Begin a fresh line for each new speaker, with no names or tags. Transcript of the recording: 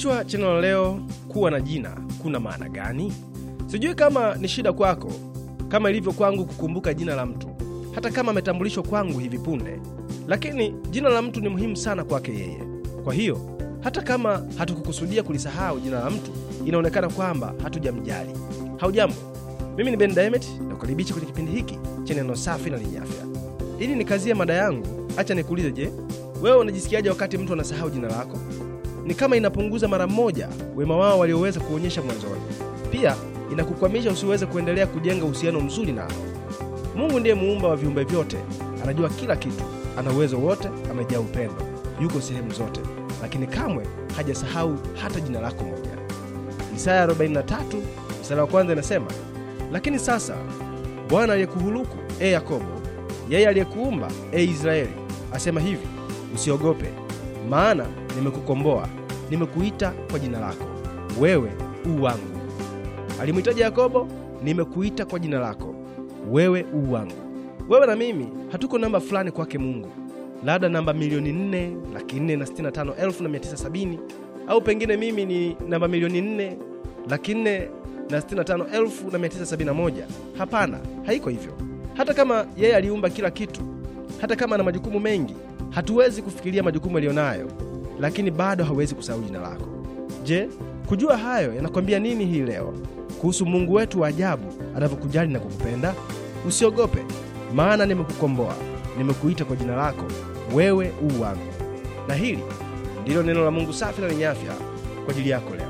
Kichwa cha neno leo, kuwa na jina kuna maana gani? Sijui kama ni shida kwako kama ilivyo kwangu kukumbuka jina la mtu, hata kama ametambulishwa kwangu hivi punde, lakini jina la mtu ni muhimu sana kwake yeye. Kwa hiyo hata kama hatukukusudia kulisahau jina la mtu, inaonekana kwamba hatujamjali. Haujambo, mimi ni Ben Daimet na kukaribisha kwenye kipindi hiki cha neno safi na lenye afya. Ili nikazie mada yangu, acha nikuulize, je, wewe unajisikiaje wakati mtu anasahau jina lako? ni kama inapunguza mara moja wema wao walioweza kuonyesha mwanzoni. Pia inakukwamisha usiweze kuendelea kujenga uhusiano mzuri nao. Mungu ndiye muumba wa viumbe vyote, anajua kila kitu, ana uwezo wote, amejaa upendo, yuko sehemu zote, lakini kamwe hajasahau hata jina lako moja. Isaya 43 mstari wa kwanza inasema, lakini sasa Bwana aliyekuhuluku e Yakobo, yeye aliyekuumba e Israeli, asema hivi, usiogope maana nimekukomboa, nimekuita kwa jina lako, wewe u wangu. Alimwitaja Yakobo, nimekuita kwa jina lako, wewe u wangu. Wewe na mimi hatuko namba fulani kwake Mungu, labda namba milioni nne laki nne na sitini na tano elfu na mia tisa sabini au pengine mimi ni namba milioni nne laki nne na sitini na tano elfu na mia tisa sabini na moja. Hapana, haiko hivyo. Hata kama yeye aliumba kila kitu, hata kama ana majukumu mengi Hatuwezi kufikiria majukumu yaliyonayo, lakini bado hawezi kusahau jina lako. Je, kujua hayo yanakwambia nini hii leo kuhusu Mungu wetu wa ajabu anavyokujali na kukupenda? Usiogope, maana nimekukomboa, nimekuita kwa jina lako, wewe uu wangu. Na hili ndilo neno la Mungu safi na lenye afya kwa ajili yako leo.